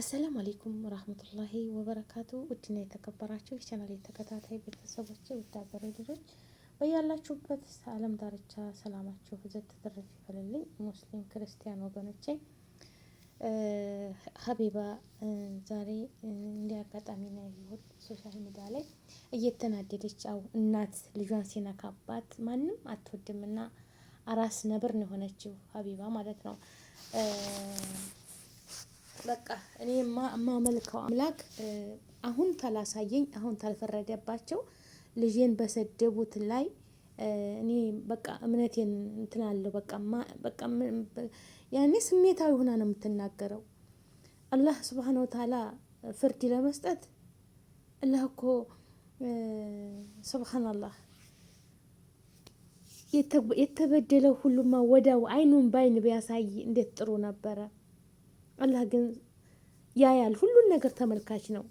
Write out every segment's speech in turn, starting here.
አሰላሙ አሌይኩም ረህመቱላሂ ወበረካቱ። ውድና የተከበራችሁ የቻናል የተከታታይ ቤተሰቦች ውድ ልጆች በያላችሁበት ዓለም ዳርቻ ሰላማችሁ ብዘት ትርፍ ይበልልኝ። ሙስሊም ክርስቲያን ወገኖቼ ሀቢባ ዛሬ እንዲህ ነው ያየሁት ሶሻል ሚዲያ ላይ እየተናደደች አው እናት ልጇን ሲነካባት ማንም አትወድምና አራስ ነብር ነው የሆነችው ሀቢባ ማለት ነው። በቃ እኔ የማመልከው አምላክ አሁን ታላሳየኝ አሁን ታልፈረደባቸው ልጄን በሰደቡት ላይ እኔ በቃ እምነቴን እንትናለሁ። በቃ ያኔ ስሜታዊ ሆና ነው የምትናገረው። አላህ ስብሓነ ወተዓላ ፍርድ ለመስጠት አላህ እኮ ስብሓናላህ የተበደለው ሁሉማ ወዳው አይኑን ባይን ቢያሳይ እንዴት ጥሩ ነበረ። አላህ ግን ያያል። ሁሉን ነገር ተመልካች ነው፣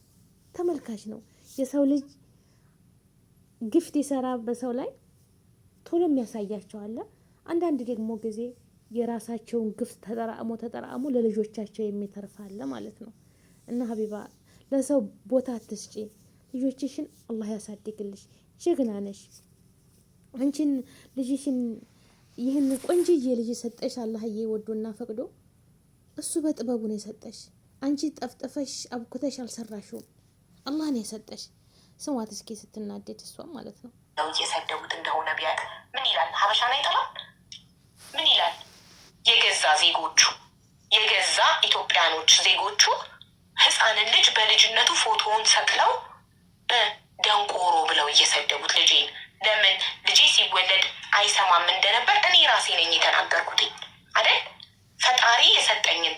ተመልካች ነው። የሰው ልጅ ግፍት ይሰራ በሰው ላይ ቶሎ የሚያሳያቸው አለ። አንዳንድ ደግሞ ጊዜ የራሳቸውን ግፍት ተጠራእሞ ተጠራእሞ ለልጆቻቸው የሚተርፋለ ማለት ነው። እና ሀቢባ ለሰው ቦታ አትስጪ። ልጆችሽን አላህ ያሳድግልሽ። ጀግና ነሽ። አንቺን ልጅሽን ይህን ቆንጅዬ ልጅ ሰጠሽ አላህዬ ወዶና ፈቅዶ እሱ በጥበቡ ነው የሰጠሽ። አንቺ ጠፍጥፈሽ አብኩተሽ አልሰራሽውም። አላህ ነው የሰጠሽ። ስሟት እስኪ ስትናደድ፣ እሷ ማለት ነው ውጭ የሰደቡት እንደሆነ ቢያቅ ምን ይላል? ሀበሻን አይጠላም? ምን ይላል? የገዛ ዜጎቹ የገዛ ኢትዮጵያኖች ዜጎቹ ህፃንን ልጅ በልጅነቱ ፎቶውን ሰቅለው ደንቆሮ ብለው እየሰደቡት ልጄን። ለምን ልጄ ሲወለድ አይሰማም እንደነበር እኔ ራሴ ነኝ የተናገርኩትኝ። ፈጣሪ የሰጠኝን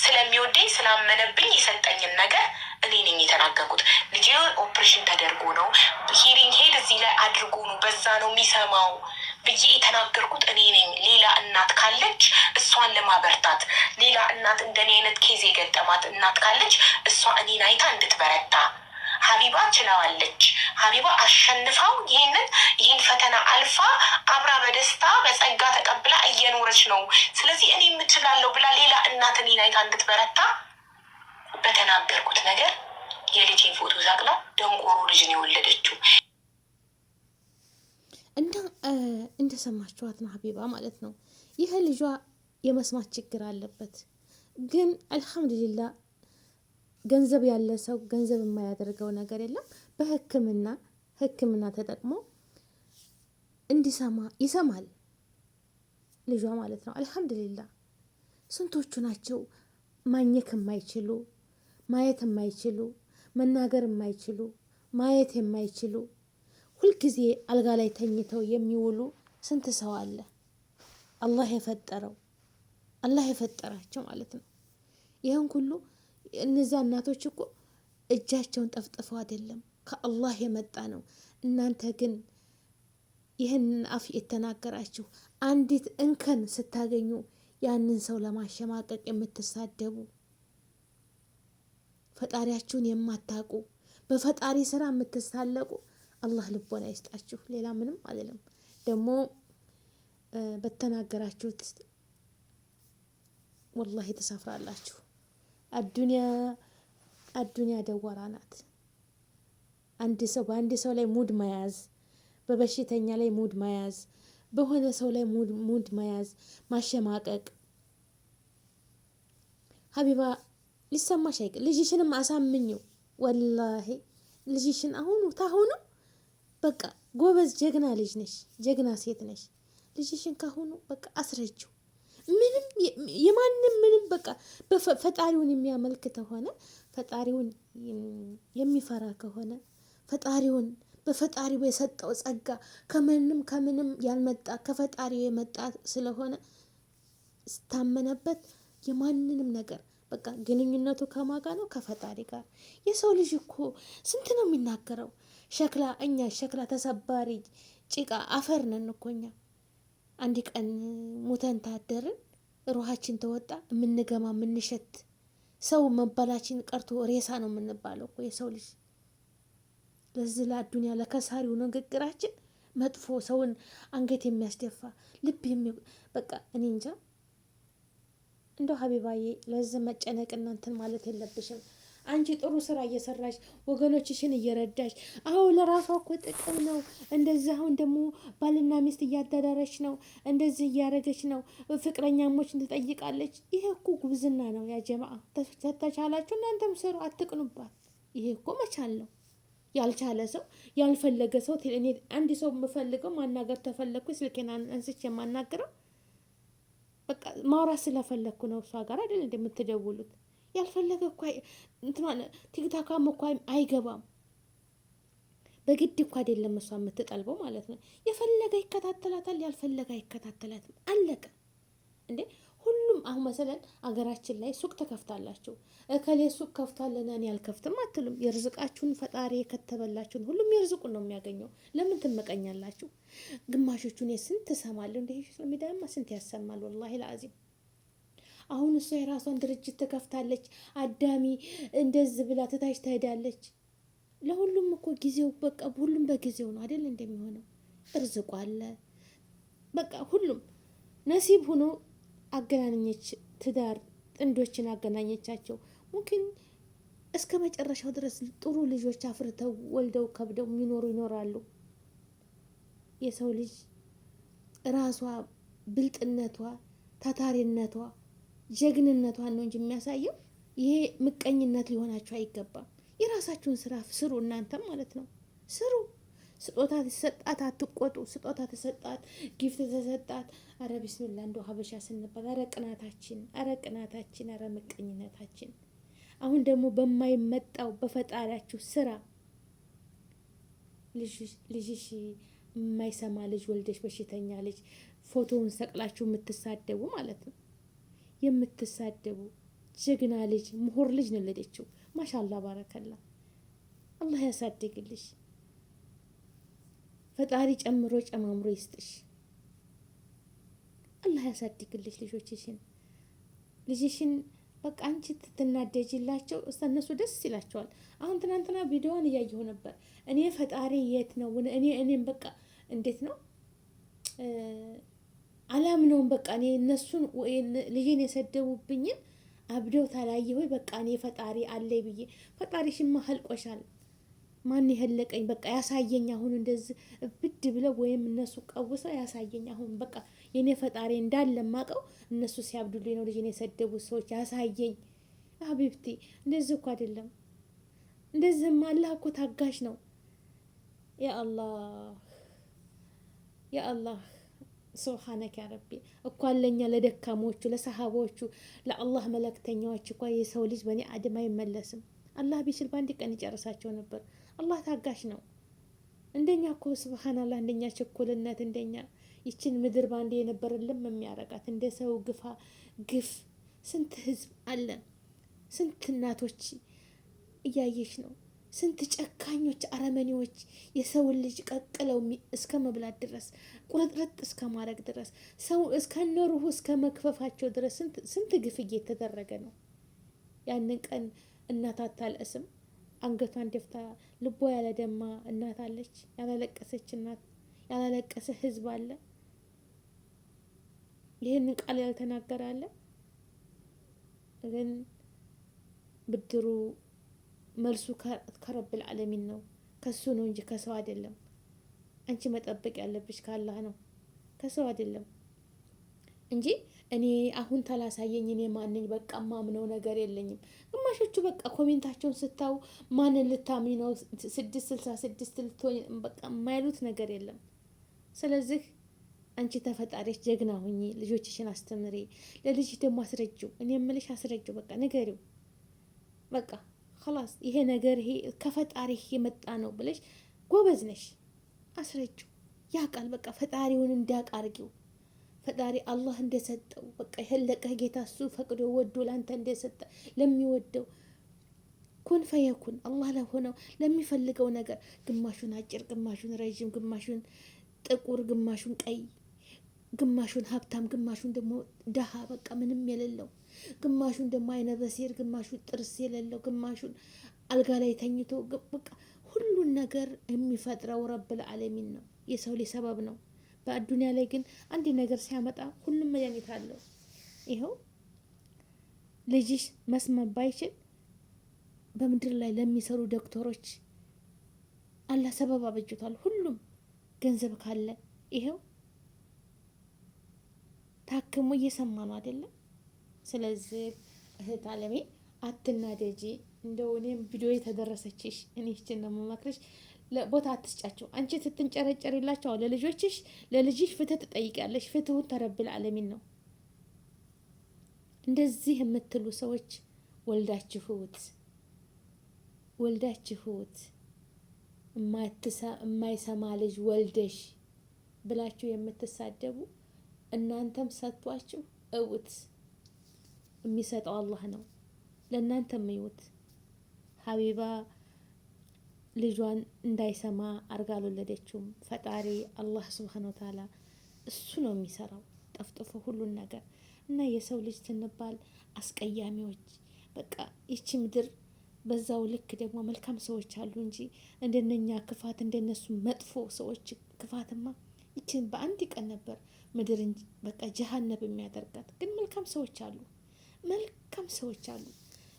ስለሚወደኝ ስላመነብኝ የሰጠኝን ነገር እኔ ነኝ የተናገርኩት። ልጅ ኦፕሬሽን ተደርጎ ነው ሂሪንግ ሄድ እዚህ ላይ አድርጎ ነው በዛ ነው የሚሰማው ብዬ የተናገርኩት እኔ ነኝ። ሌላ እናት ካለች እሷን ለማበርታት ሌላ እናት እንደኔ አይነት ኬዝ የገጠማት እናት ካለች እሷ እኔን አይታ እንድትበረታ ሀቢባ ችለዋለች። ሀቢባ አሸንፋው ይህንን። እየሰራች ነው። ስለዚህ እኔ የምችላለው ብላ ሌላ እናት እኔን አይታ እንድትበረታ በተናገርኩት ነገር የልጅን ፎቶ ዛቅላ ደንቆሮ ልጅን የወለደችው እና እንደሰማችኋት ነው ሀቢባ ማለት ነው። ይህ ልጇ የመስማት ችግር አለበት፣ ግን አልሐምዱሊላ ገንዘብ ያለ ሰው ገንዘብ የማያደርገው ነገር የለም። በሕክምና ሕክምና ተጠቅሞ እንዲሰማ ይሰማል። ልጇ ማለት ነው። አልሐምዱሊላ ስንቶቹ ናቸው ማኘክ የማይችሉ ማየት የማይችሉ መናገር የማይችሉ ማየት የማይችሉ ሁልጊዜ አልጋ ላይ ተኝተው የሚውሉ ስንት ሰው አለ። አላህ የፈጠረው አላህ የፈጠራቸው ማለት ነው። ይህን ሁሉ እነዚያ እናቶች እኮ እጃቸውን ጠፍጥፈው አይደለም ከአላህ የመጣ ነው። እናንተ ግን ይህንን አፍ የተናገራችሁ አንዲት እንከን ስታገኙ ያንን ሰው ለማሸማቀቅ የምትሳደቡ ፈጣሪያችሁን የማታውቁ በፈጣሪ ስራ የምትሳለቁ አላህ ልቦና ይስጣችሁ። ሌላ ምንም አልልም። ደግሞ በተናገራችሁት ወላሂ ተሳፍራላችሁ። አዱኒያ አዱኒያ ደወራ ናት። አንድ ሰው በአንድ ሰው ላይ ሙድ መያዝ በበሽተኛ ላይ ሙድ መያዝ፣ በሆነ ሰው ላይ ሙድ መያዝ፣ ማሸማቀቅ ሀቢባ ሊሰማሽ አይቅ ልጅሽንም አሳምኘው ወላሂ ልጅሽን አሁኑ ታሁኑ በቃ ጎበዝ ጀግና ልጅ ነሽ፣ ጀግና ሴት ነሽ። ልጅሽን ካሁኑ በቃ አስረችው። ምንም የማንም ምንም በቃ ፈጣሪውን የሚያመልክ ከሆነ ፈጣሪውን የሚፈራ ከሆነ ፈጣሪውን በፈጣሪው የሰጠው ጸጋ ከምንም ከምንም ያልመጣ ከፈጣሪ የመጣ ስለሆነ ስታመነበት የማንንም ነገር በቃ ግንኙነቱ ከማጋ ነው ከፈጣሪ ጋር። የሰው ልጅ እኮ ስንት ነው የሚናገረው? ሸክላ እኛ ሸክላ ተሰባሪ ጭቃ አፈር ነን እኮ እኛ። አንድ ቀን ሙተን ታደርን ሩሃችን ተወጣ የምንገማ የምንሸት ሰው መባላችን ቀርቶ ሬሳ ነው የምንባለው እኮ የሰው ልጅ ለዚህ ለአዱንያ ለከሳሪው ንግግራችን መጥፎ ሰውን አንገት የሚያስደፋ ልብ የሚ በቃ እኔ እንጃ። እንደው ሀቢባዬ ለዚህ መጨነቅ እናንትን ማለት የለብሽም። አንቺ ጥሩ ስራ እየሰራሽ ወገኖችሽን እየረዳሽ፣ አዎ ለራሷ እኮ ጥቅም ነው። እንደዚህ አሁን ደግሞ ባልና ሚስት እያዳዳረች ነው፣ እንደዚህ እያደረገች ነው። ፍቅረኛሞችን ትጠይቃለች። ይሄ እኮ ጉብዝና ነው። ያ ጀማአ ተቻላችሁ እናንተም ስሩ፣ አትቅኑባት። ይሄ እኮ መቻል ነው። ያልቻለ ሰው ያልፈለገ ሰው እኔ አንድ ሰው የምፈልገው ማናገር ተፈለግኩ ስልኬን አንስቼ የማናገረው በቃ ማውራት ስለፈለግኩ ነው። እሷ ጋር አይደል እንደምትደውሉት ያልፈለገ እኳ ቲክታካም እኳ አይገባም። በግድ እኳ አይደለም እሷ የምትጠልበው ማለት ነው። የፈለገ ይከታተላታል፣ ያልፈለገ አይከታተላትም። አለቀ እንዴ አሁን መሰለን አገራችን ላይ ሱቅ ተከፍታላችሁ። እከሌ ሱቅ ከፍቷልና እኔ አልከፍትም አትሉም። የርዝቃችሁን ፈጣሪ የከተበላችሁን ሁሉም የርዝቁን ነው የሚያገኘው። ለምን ትመቀኛላችሁ? ግማሾቹን ስንት እሰማለሁ እንደ ሚዲያማ ስንት ያሰማል። ወላሂ ለአዚም አሁን እሷ የራሷን ድርጅት ትከፍታለች። አዳሚ እንደዚህ ብላ ትታች ትሄዳለች። ለሁሉም እኮ ጊዜው በቃ ሁሉም በጊዜው ነው አይደል እንደሚሆነው እርዝቁ አለ በቃ ሁሉም ነሲብ ሆኖ አገናኘች፣ ትዳር ጥንዶችን አገናኘቻቸው። ሙኪን እስከ መጨረሻው ድረስ ጥሩ ልጆች አፍርተው ወልደው ከብደው የሚኖሩ ይኖራሉ። የሰው ልጅ ራሷ ብልጥነቷ፣ ታታሪነቷ፣ ጀግንነቷ ነው እንጂ የሚያሳየው ይሄ ምቀኝነት ሊሆናቸው አይገባም። የራሳችሁን ስራ ስሩ እናንተም ማለት ነው ስሩ። ስጦታ ተሰጣት፣ አትቆጡ። ስጦታ ተሰጣት፣ ጊፍት ተሰጣት። አረ ቢስሚላ እንደ ሀበሻ ስንባል አረ ቅናታችን፣ አረ ቅናታችን፣ አረ ምቀኝነታችን። አሁን ደግሞ በማይመጣው በፈጣሪያችሁ ስራ ልጅሽ የማይሰማ ልጅ ወልደሽ በሽተኛ ልጅ ፎቶውን ሰቅላችሁ የምትሳደቡ ማለት ነው የምትሳደቡ ጀግና ልጅ ምሁር ልጅ ነው የወለደችው። ማሻላ ባረከላ። አላህ ያሳድግልሽ። ፈጣሪ ጨምሮ ጨማምሮ ይስጥሽ። አላህ ያሳድግልሽ ልጆችሽን ልጅሽን በቃ አንቺ ትናደጅላቸው እሳ እነሱ ደስ ይላቸዋል። አሁን ትናንትና ቪዲዮዋን እያየሁ ነበር። እኔ ፈጣሪ የት ነው እኔ እኔም በቃ እንዴት ነው አላምነውም። በቃ እኔ እነሱን ልጄን የሰደቡብኝን አብደው ታላየ በቃ እኔ ፈጣሪ አለይ ብዬ ፈጣሪሽማ ህልቆሻል። ማን የህለቀኝ በቃ ያሳየኝ። አሁን እንደዚህ ብድ ብለው ወይም እነሱ ቀውሰው ያሳየኝ። አሁን በቃ የኔ ፈጣሪ እንዳለ ማቀው እነሱ ሲያብዱልኝ ነው ልጅ የሰደቡት ሰዎች ያሳየኝ። አቢብቲ እንደዚህ እኮ አይደለም። እንደዚህም አላህ እኮ ታጋሽ ነው። የአላህ የአላህ ሱብሓነክ ያ ረቢ እኮ አለኛ ለደካሞቹ ለሰሃቦቹ ለአላህ መለክተኛዎች እኳ የሰው ልጅ በእኔ አድም አይመለስም። አላህ ቢችል በአንድ ቀን ይጨርሳቸው ነበር። አላህ ታጋሽ ነው። እንደኛ እኮ ስብሓናላህ እንደኛ ችኩልነት እንደኛ ይችን ምድር ባንዴ የነበረ ልም የሚያረጋት እንደ ሰው ግፋ ግፍ ስንት ህዝብ አለ። ስንት እናቶች እያየሽ ነው። ስንት ጨካኞች አረመኔዎች የሰውን ልጅ ቀቅለው እስከ መብላት ድረስ ቁርጥርጥ እስከ ማድረግ ድረስ ሰው እስከ ኖሩሁ እስከ መክፈፋቸው ድረስ ስንት ግፍ እየተደረገ ነው። ያንን ቀን እናት አታልቅስም። አንገቷን ደፍታ ልቧ ያለደማ እናት አለች። ያላለቀሰች እናት ያላለቀሰ ህዝብ አለ። ይህንን ቃል ያልተናገረ አለ። ግን ብድሩ መልሱ ከረብል አለሚን ነው። ከሱ ነው እንጂ ከሰው አይደለም። አንቺ መጠበቅ ያለብሽ ካላህ ነው፣ ከሰው አይደለም እንጂ እኔ አሁን ተላሳየኝ እኔ ማንኝ በቃ ማምነው ነገር የለኝም። ግማሾቹ በቃ ኮሜንታቸውን ስታው ማንን ልታምኝ ነው? ስድስት ስልሳ ስድስት ልትሆኝ በቃ የማይሉት ነገር የለም። ስለዚህ አንቺ ተፈጣሪች ጀግና ሁኚ፣ ልጆችሽን አስተምሪ፣ ለልጅ ደግሞ አስረጅው። እኔ የምልሽ አስረጅው፣ በቃ ንገሪው፣ በቃ ላስ ይሄ ነገር ይሄ ከፈጣሪህ የመጣ ነው ብለሽ ጎበዝ ነሽ፣ አስረጅው። ያውቃል በቃ ፈጣሪውን እንዳያውቅ አድርጊው። ፈጣሪ አላህ እንደሰጠው በቃ የለቀህ ጌታ እሱ ፈቅዶ ወዶ ለአንተ እንደሰጠ ለሚወደው ኩን ፈየኩን አላህ ለሆነው ለሚፈልገው ነገር ግማሹን አጭር፣ ግማሹን ረዥም፣ ግማሹን ጥቁር፣ ግማሹን ቀይ፣ ግማሹን ሀብታም፣ ግማሹን ደግሞ ደሃ በቃ ምንም የሌለው፣ ግማሹን ደግሞ አይነ በሴር፣ ግማሹን ጥርስ የሌለው፣ ግማሹን አልጋ ላይ ተኝቶ በቃ ሁሉን ነገር የሚፈጥረው ረብል ዓለሚን ነው። የሰው ሰበብ ነው። በአዱኒያ ላይ ግን አንድ ነገር ሲያመጣ ሁሉም መድኃኒት አለው። ይኸው ልጅሽ መስማት ባይችል በምድር ላይ ለሚሰሩ ዶክተሮች አላህ ሰበብ አበጅቷል። ሁሉም ገንዘብ ካለ ይኸው ታክሞ እየሰማ ነው አይደለም። ስለዚህ እህት አለሜ አትናደጂ። እንደው እኔም ቪዲዮ የተደረሰችሽ እኔ ይችን ነው የምመክርሽ። ቦታ አትስጫቸው። አንቺ ስትንጨረጨሪላቸው ለልጆችሽ ለልጅሽ ፍትህ ትጠይቂያለሽ። ፍትሁን ተረብል አለሚን ነው። እንደዚህ የምትሉ ሰዎች ወልዳችሁት ወልዳችሁት የማይሰማ ልጅ ወልደሽ ብላችሁ የምትሳደቡ እናንተም ሰጥቷችሁ እውት የሚሰጠው አላህ ነው። ለእናንተም እዩት ሀቢባ ልጇን እንዳይሰማ አርጋ አልወለደችውም። ፈጣሪ አላህ ስብሓን ወታላ እሱ ነው የሚሰራው ጠፍጥፎ ሁሉን ነገር እና የሰው ልጅ ስንባል አስቀያሚዎች በቃ ይቺ ምድር በዛው ልክ ደግሞ መልካም ሰዎች አሉ እንጂ እንደነኛ ክፋት እንደነሱ መጥፎ ሰዎች ክፋትማ ይችን በአንድ ቀን ነበር ምድር በቃ ጀሃነብ የሚያደርጋት። ግን መልካም ሰዎች አሉ፣ መልካም ሰዎች አሉ፣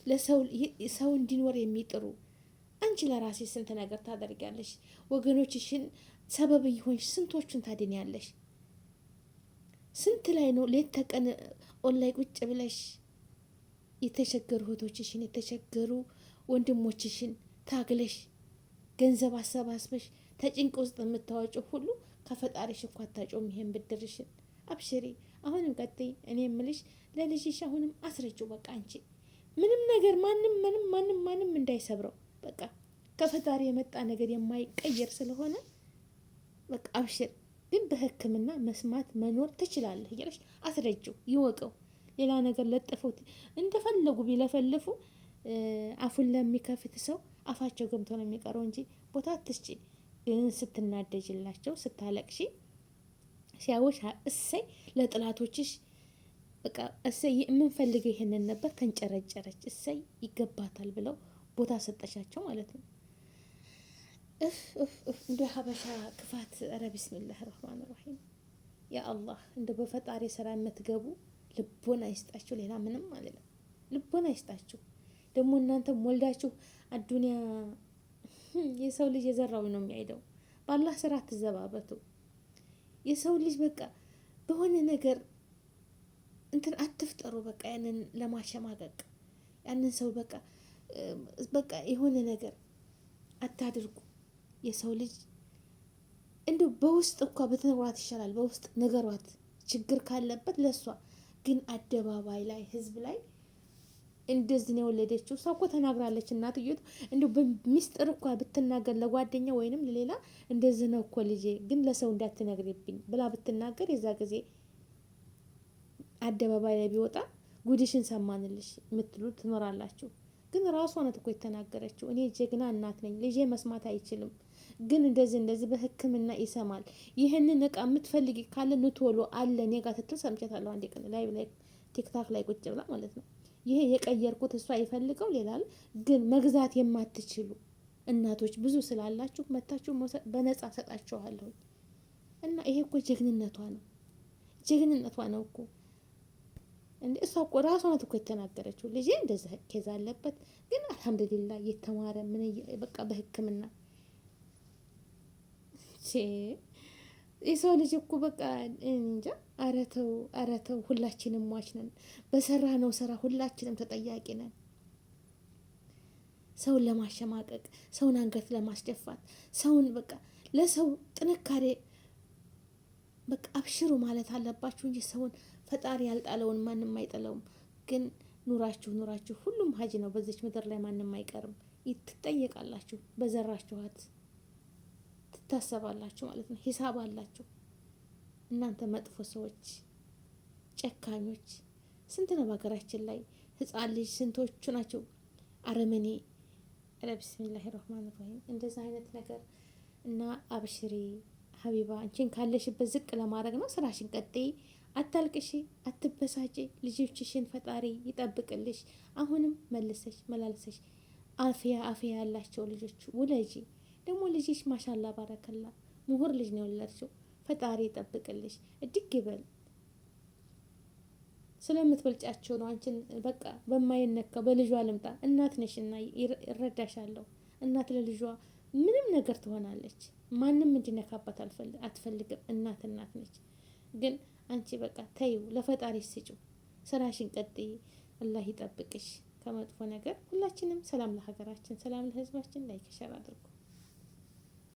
ለሰው ሰው እንዲኖር የሚጥሩ አንቺ ለራሴ ስንት ነገር ታደርጊያለሽ። ወገኖችሽን ሰበብ ይሆንሽ ስንቶቹን ታድንያለሽ። ስንት ላይ ነው ሌት ተቀን ኦንላይ ቁጭ ብለሽ የተቸገሩ እህቶችሽን የተቸገሩ ወንድሞችሽን ታግለሽ ገንዘብ አሰባስበሽ ተጭንቅ ውስጥ የምታወጪው ሁሉ ከፈጣሪሽ እኮ አታጮም። ይሄን ብድርሽን አብሽሪ። አሁንም ቀጥይ። እኔ የምልሽ ለልጅሽ አሁንም አስረጭው። በቃ አንቺ ምንም ነገር ማንም ምንም ማንም ማንም እንዳይሰብረው በቃ ከፈጣሪ የመጣ ነገር የማይቀየር ስለሆነ በቃ አብሽር፣ ግን በሕክምና መስማት መኖር ትችላለህ እያለች አስረጅው ይወቀው። ሌላ ነገር ለጥፈውት እንደፈለጉ ቢለፈልፉ አፉን ለሚከፍት ሰው አፋቸው ገብቶ ነው የሚቀረው እንጂ ቦታ ትስጪ። ግን ስትናደጅላቸው፣ ስታለቅሺ ሲያወሽ እሰይ ለጥላቶችሽ በቃ እሰይ የምንፈልገው ይሄንን ነበር፣ ተንጨረጨረች፣ እሰይ ይገባታል ብለው ቦታ ሰጠሻቸው ማለት ነው። እፍ እፍ እንደ ሀበሻ ክፋት ረ ቢስሚላህ ረህማን ረሂም ያ አላህ እንደ በፈጣሪ ስራ የምትገቡ ልቦና አይስጣችሁ። ሌላ ምንም አልለም። ልቦና አይስጣችሁ። ደግሞ እናንተም ወልዳችሁ አዱኒያ የሰው ልጅ የዘራው ነው የሚያይደው። በአላህ ስራ አትዘባበቱ። የሰው ልጅ በቃ በሆነ ነገር እንትን አትፍጠሩ። በቃ ያንን ለማሸማቀቅ ያንን ሰው በቃ በቃ የሆነ ነገር አታድርጉ። የሰው ልጅ እንዲሁ በውስጥ እኳ ብትነግሯት ይሻላል። በውስጥ ንገሯት ችግር ካለበት ለእሷ ግን አደባባይ ላይ ህዝብ ላይ እንደዚህ ነው የወለደችው። እሷ እኮ ተናግራለች እናትየቱ። እንዲሁ በሚስጥር እኳ ብትናገር ለጓደኛ ወይንም ለሌላ እንደዚህ ነው እኮ ልጄ፣ ግን ለሰው እንዳትነግሪብኝ ብላ ብትናገር የዛ ጊዜ አደባባይ ላይ ቢወጣ ጉድሽን ሰማንልሽ የምትሉ ትኖራላችሁ። ግን ራሷ ናት እኮ የተናገረችው። እኔ ጀግና እናት ነኝ፣ ልጄ መስማት አይችልም ግን እንደዚህ እንደዚህ በህክምና ይሰማል። ይህንን እቃ የምትፈልጊ ካለ ንቶሎ አለ እኔ ጋር ስትል ሰምቻታለሁ። አንዴ ቀን ላይ ላይ ቲክታክ ላይ ቁጭ ብላ ማለት ነው። ይሄ የቀየርኩት እሷ ይፈልገው ሌላል፣ ግን መግዛት የማትችሉ እናቶች ብዙ ስላላችሁ መታችሁ በነጻ ሰጣችኋለሁ። እና ይሄ እኮ ጀግንነቷ ነው፣ ጀግንነቷ ነው እኮ እንዴ እሷ እኮ ራሷ ናት እኮ የተናገረችው። ልጄ እንደዚህ ኬዝ አለበት ግን አልሐምዱሊላ እየተማረ ምን በቃ በህክምና የሰው ልጅ እኮ በቃ እንጃ። ኧረ ተው፣ ኧረ ተው። ሁላችንም ሟች ነን። በሰራ ነው ስራ ሁላችንም ተጠያቂ ነን። ሰውን ለማሸማቀቅ፣ ሰውን አንገት ለማስደፋት፣ ሰውን በቃ ለሰው ጥንካሬ በቃ አብሽሩ ማለት አለባችሁ እንጂ ሰውን ፈጣሪ ያልጣለውን ማንም አይጠለውም። ግን ኑራችሁ ኑራችሁ ሁሉም ሀጅ ነው በዚች ምድር ላይ ማንም አይቀርም። ይትጠየቃላችሁ በዘራችኋት ታሰባላችሁ ማለት ነው። ሂሳብ አላችሁ እናንተ መጥፎ ሰዎች፣ ጨካኞች ስንት ነው በሀገራችን ላይ ህፃን ልጅ ስንቶቹ ናቸው አረመኔ። ኧረ ቢስሚላሂ ረህማን ረሂም እንደዛ አይነት ነገር እና አብሽሪ ሀቢባ አንቺን ካለሽበት ዝቅ ለማድረግ ነው ስራሽን ቀጥይ። አታልቅሽ፣ አትበሳጪ። ልጆችሽን ፈጣሪ ይጠብቅልሽ። አሁንም መልሰሽ መላልሰሽ አፍያ አፍያ ያላቸው ልጆች ውለጂ። ደግሞ ልጅሽ ማሻላ ባረከላ ምሁር ልጅ ነው የወለድሽው። ፈጣሪ ይጠብቅልሽ እድግ ይበል። ስለምትበልጫቸው ነው አንቺን በቃ በማይነካው በልጇ ልምጣ። እናት ነሽና ይረዳሻለሁ። እናት ለልጇ ምንም ነገር ትሆናለች። ማንም እንዲነካባት አትፈልግም። እናት እናት ነች። ግን አንቺ በቃ ተይው፣ ለፈጣሪ ስጪው፣ ስራሽን ቀጥይ። አላህ ይጠብቅሽ ከመጥፎ ነገር። ሁላችንም ሰላም ለሀገራችን፣ ሰላም ለህዝባችን። ላይክ ሸር አድርጉ።